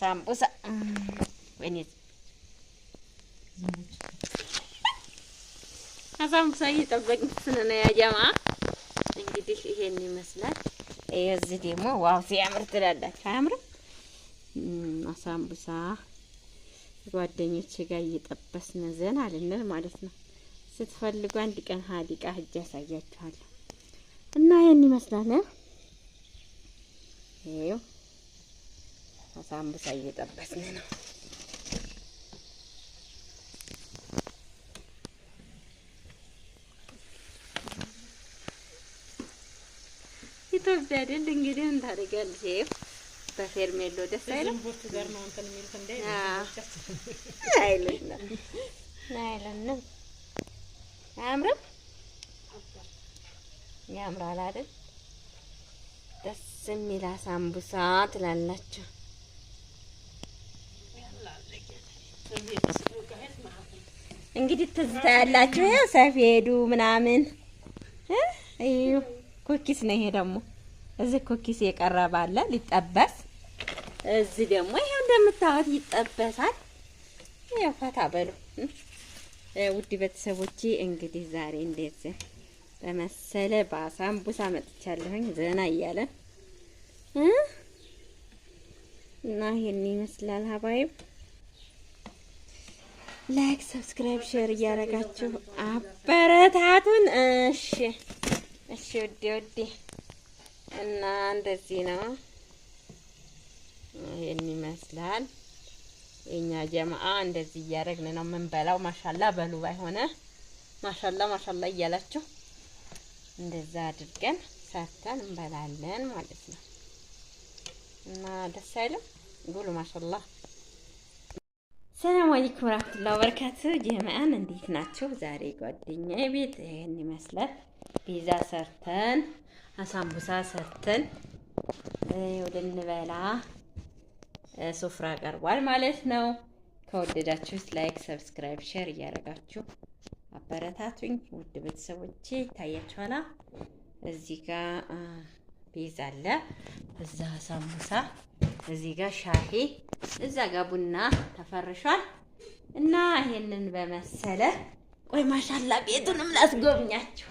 ሳምቡሳ ወይኔ ሳምቡሳ እየጠበቅን ስለነ ያጀማ እንግዲህ ይሄን ይመስላል። እዚህ ደግሞ ዋው ሲያምር ትላላችሁ። አያምርም? አሳምቡሳ ጓደኞቼ ጋር እየጠበስን ዘና አልንል ማለት ነው። ስትፈልጉ አንድ ቀን ሀዲቃ ሂጅ ያሳያችኋለሁ እና ይሄን ይመስላል። ይኸው አሳምቡሳ እየጠበስን ነው። ኢትዮጵያ አይደል እንግዲህ እንታደርጊያለሽ። ይኸው በፌርሜሎ ደስ አይልም አይልም። አያምርም? ያምራል አይደል? ደስ የሚል አሳምቡሳ ትላላችሁ። እንግዲህ ትዝታ ያላችሁ ያው ሰፌዱ ምናምን እዩ። ኩኪስ ነው ይሄ ደግሞ። እዚህ ኩኪስ የቀረባለ ሊጠበስ፣ እዚህ ደግሞ ይሄ እንደምታዩት ይጠበሳል። ያው ፈታ በሉ ውድ ቤተሰቦቼ። እንግዲህ ዛሬ እንደዚህ በመሰለ በአሳምቡሳ መጥቻለሁኝ ዘና እያለን እና ይሄን ይመስላል ሀባይብ ላይክ፣ ሰብስክራይብ፣ ሼር እያደረጋችሁ አበረታቱን። እሺ፣ እሺ ወዴ ወዴ እና እንደዚህ ነው። ይሄን ይመስላል የኛ ጀማአ። እንደዚህ እያደረግን ነው የምንበላው። ማሻላ በሉ ባይሆነ ማሻላ ማሻላ እያላችሁ እንደዛ አድርገን ሰርተን እንበላለን ማለት ነው እና ደስ አይልም? ጉሉ ማሻላ አለይኩም ወራህመቱላሂ ወበረካቱ ጀማዓን እንዴት ናቸው? ዛሬ ጓደኛ ቤት ይሄን ይመስላል። ፒዛ ሰርተን አሳንቡሳ ሰርተን ልንበላ ሱፍራ ቀርቧል ማለት ነው። ከወደዳችሁት ላይክ፣ ሰብስክራይብ፣ ሼር እያደረጋችሁ አበረታቱኝ ውድ ቤተሰቦቼ። ይታያችኋላ እዚህ ጋር ፒዛ አለ፣ እዛ አሳምቡሳ እዚህ ጋር ሻሂ እዛ ጋር ቡና ተፈርሿል። እና ይሄንን በመሰለ ወይ ማሻላ ቤቱንም ላስጎብኛችሁ።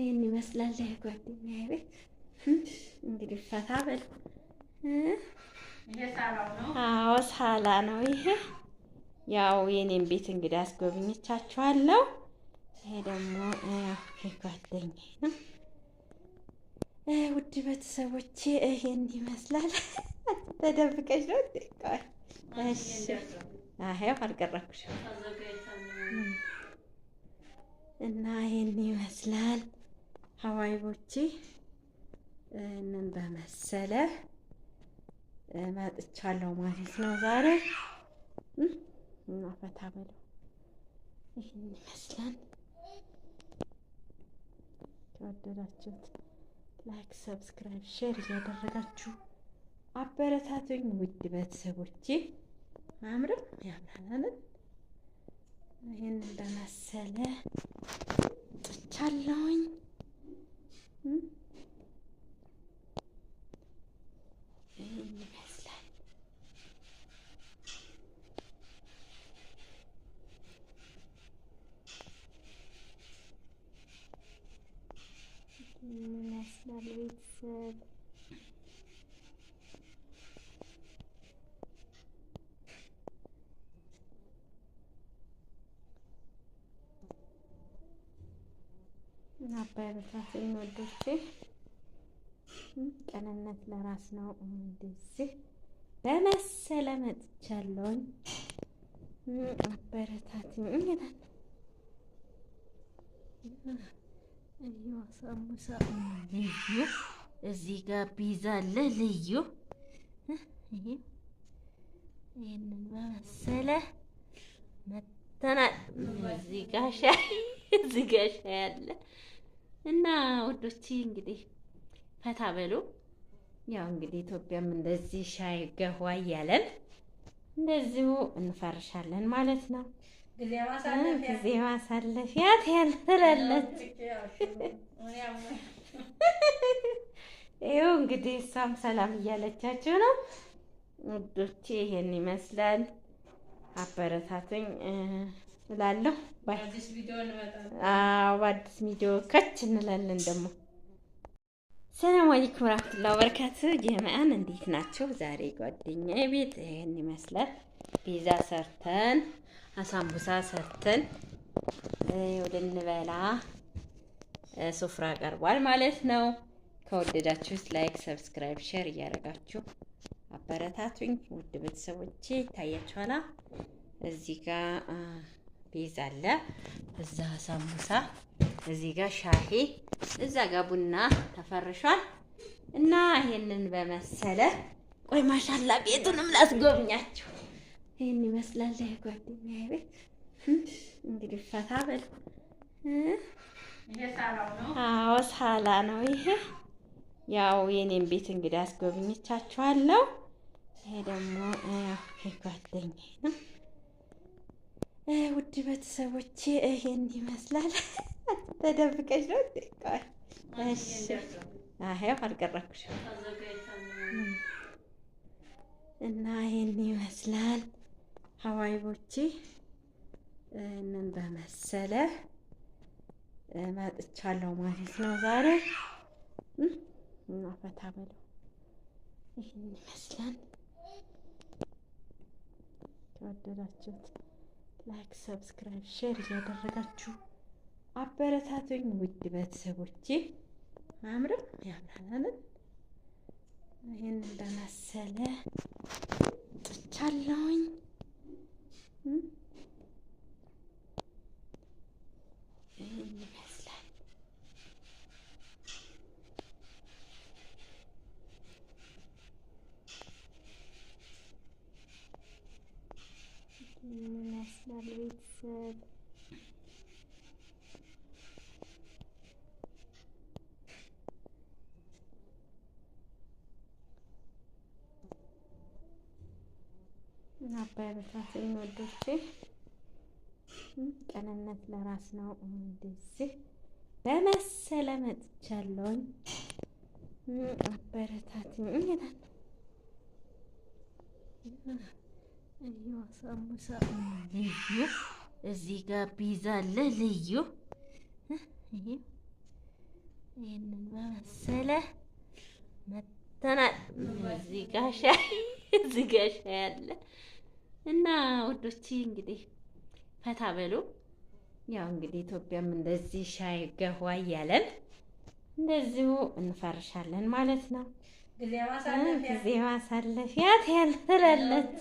ይሄን ይመስላል ጓደኛዬ ቤት። እንግዲህ ፈታ በል። አዎ ሳላ ነው ይሄ። ያው የኔን ቤት እንግዲህ አስጎብኝቻችኋለሁ። ይሄ ደግሞ ጓደኛዬ ነው። ውድ ቤተሰቦቼ ይሄን ይመስላል። ተደብቀሽ ነው። እሺ አሄው አልቀረኩሽ እና ይህን ይመስላል ሀዋይቦቼ። እንን በመሰለ መጥቻለሁ ማለት ነው ዛሬ እና ፈታ በሉ። ይህን ይመስላል። ከወደዳችሁት ላይክ፣ ሰብስክራይብ፣ ሼር እያደረጋችሁ አበረታቱኝ ውድ ቤተሰቦቼ። አያምርም? ያምራል። ይህንን በመሰለ ጥቻለሁኝ። ይህን ይመስላል። ይህን ይመስላል ቤተሰብ አበረታቱኝ ወዶቼ። ቅንነት ለራስ ነው። እንደዚህ በመሰለ መጥቻለሁኝ። አበረታት ይላል ሳሙሳ ልዩ እዚህ ጋር ቢዛ አለ ልዩ ይህንን በመሰለ መተናል እዚህ ጋሻ እዚህ ጋሻ ያለ እና ውዶች እንግዲህ ፈታ በሉ። ያው እንግዲህ ኢትዮጵያም እንደዚህ ሻይ ገኋ እያለን እንደዚሁ እንፈርሻለን ማለት ነው። ጊዜ ማሳለፊያ ትላለች። ይኸው እንግዲህ እሷም ሰላም እያለቻችሁ ነው ውዶቼ። ይሄን ይመስላል። አበረታቱኝ። እላለሁ። በአዲስ ቪዲዮ ከች እንላለን ደግሞ ሰላም አለይኩም ረህመቱላ በረካቱ ጀማአን እንዴት ናቸው? ዛሬ ጓደኛ ቤት ይህን ይመስላል። ፒዛ ሰርተን አሳምቡሳ ሰርተን ልንበላ ሱፍራ ቀርቧል ማለት ነው። ከወደዳችሁት ላይክ፣ ሰብስክራይብ፣ ሼር እያደረጋችሁ አበረታቱኝ ውድ ቤተሰቦቼ። ይታያችኋላ እዚህ ጋር ይዛለ እዛ ሳምቡሳ እዚህ ጋር ሻሂ እዛ ጋር ቡና ተፈርሿል። እና ይሄንን በመሰለ ቆይ ማሻላ ቤቱንም ላስጎብኛችሁ። ይሄን ይመስላል ጓደኛዬ ቤት። እንግዲህ ፈታ በል። አዎ ሳላ ነው ይሄ። ያው የኔን ቤት እንግዲህ አስጎብኝቻችኋለሁ። ይሄ ደግሞ ጓደኛዬ ነው። ውድ ቤተሰቦቼ ይህን ይመስላል። ተደብቀሽ ነው ትቃል። እሺ አሄው አልቀረኩሽ እና ይህን ይመስላል ሀዋይቦቼ። ይህንን በመሰለ መጥቻለሁ ማለት ነው ዛሬ እና ፈታ በሉ ይህን ይመስላል ከወደዳችሁት ላይክ፣ ሰብስክራይብ፣ ሼር እያደረጋችሁ አበረታቱኝ ውድ ቤተሰቦቼ። አምርም ያምራላለን ይህን በመሰለ ጥቻለውኝ። አበረታቱኝ ወዶቼ። ቀንነት ለራስ ነው። እንደዚህ በመሰለ መጥቻለሁኝ። አበረታቱኝ ይላል ልዩ እዚህ ጋር ፒዛ አለ ልዩ ይህንን በመሰለ መተናል። እዚህ ጋሻ እዚህ ጋሻ ያለ እና ወዶች እንግዲህ ፈታ በሉ። ያው እንግዲህ ኢትዮጵያም እንደዚህ ሻይ ገዋ እያለን እንደዚሁ እንፈርሻለን ማለት ነው። ጊዜ ማሳለፊያት ትላለች።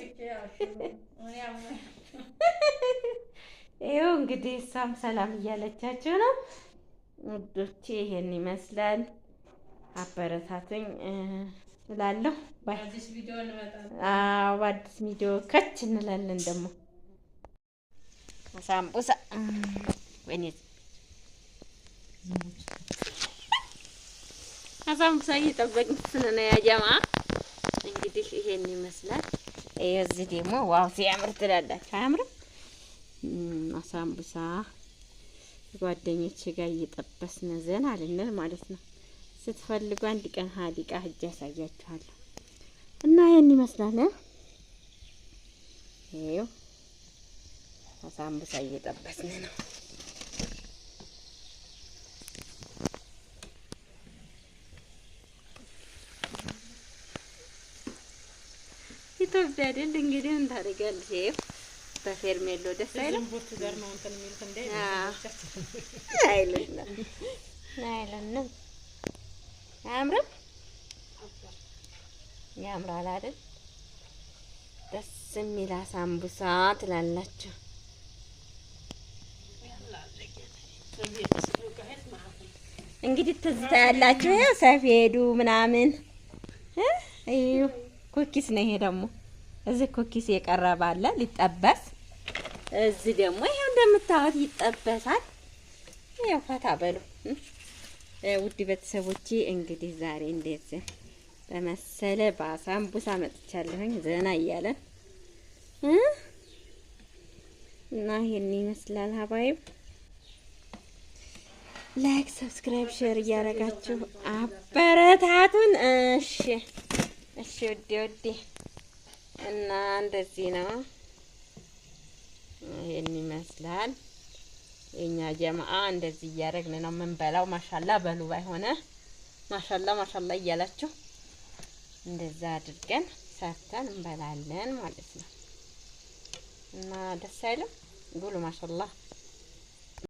ይኸው እንግዲህ እሷም ሰላም እያለቻችሁ ነው ውዶቼ። ይሄን ይመስላል። አበረታቱኝ። እላለሁ። አዎ በአዲስ ቪዲዮ ከች እንላለን። ደግሞ ሳምቡሳ ወይኔ ሳምቡሳ እየጠበቅ ስለነ ያጀማ እንግዲህ ይሄን ይመስላል። እዚህ ደግሞ ዋው ሲያምር ትላላችሁ። አያምርም? ሳምቡሳ ጓደኞቼ ጋር እየጠበስን ዘና አልንል ማለት ነው። ስትፈልጉ አንድ ቀን ሀዲቃ ህጅ ያሳያችኋለሁ። እና ይህን ይመስላል። ይኸው አሳምቡሳ እየጠበስን ነው። ኢትዮጵያ አይደል እንግዲህ እንታደርጋለሽ። ይኸው በፌርሜሎ ደስ አይልም አይልም አይልም አያምርም? ያምራል አይደል? ደስ የሚል አሳምቡሳ ትላላችሁ። እንግዲህ ትዝታ ያላችሁ ያው ሰፌዱ ምናምን እዩ። ኩኪስ ነው ይሄ ደግሞ። እዚህ ኩኪስ የቀረባለ ሊጠበስ፣ እዚህ ደግሞ ይሄው እንደምታዩት ይጠበሳል። ያው ፈታ በሉ ውድ ቤተሰቦቼ እንግዲህ ዛሬ እንደዚህ በመሰለ በአሳምቡሳ መጥቻለሁኝ። ዘና እያለን እና ይህን ይመስላል። ሀባይብ ላይክ፣ ሰብስክራይብ፣ ሼር እያደረጋችሁ አበረታቱን። እሺ፣ እሺ ውዴ፣ ውዴ እና እንደዚህ ነው። ይህን ይመስላል። የኛ ጀማአ እንደዚህ እያደረግን ነው የምንበላው። ማሻላ በሉ ባይሆነ ማሻላ ማሻላ እያላችሁ እንደዛ አድርገን ሰርተን እንበላለን ማለት ነው እና ደስ አይልም? ጉሉ ማሻላ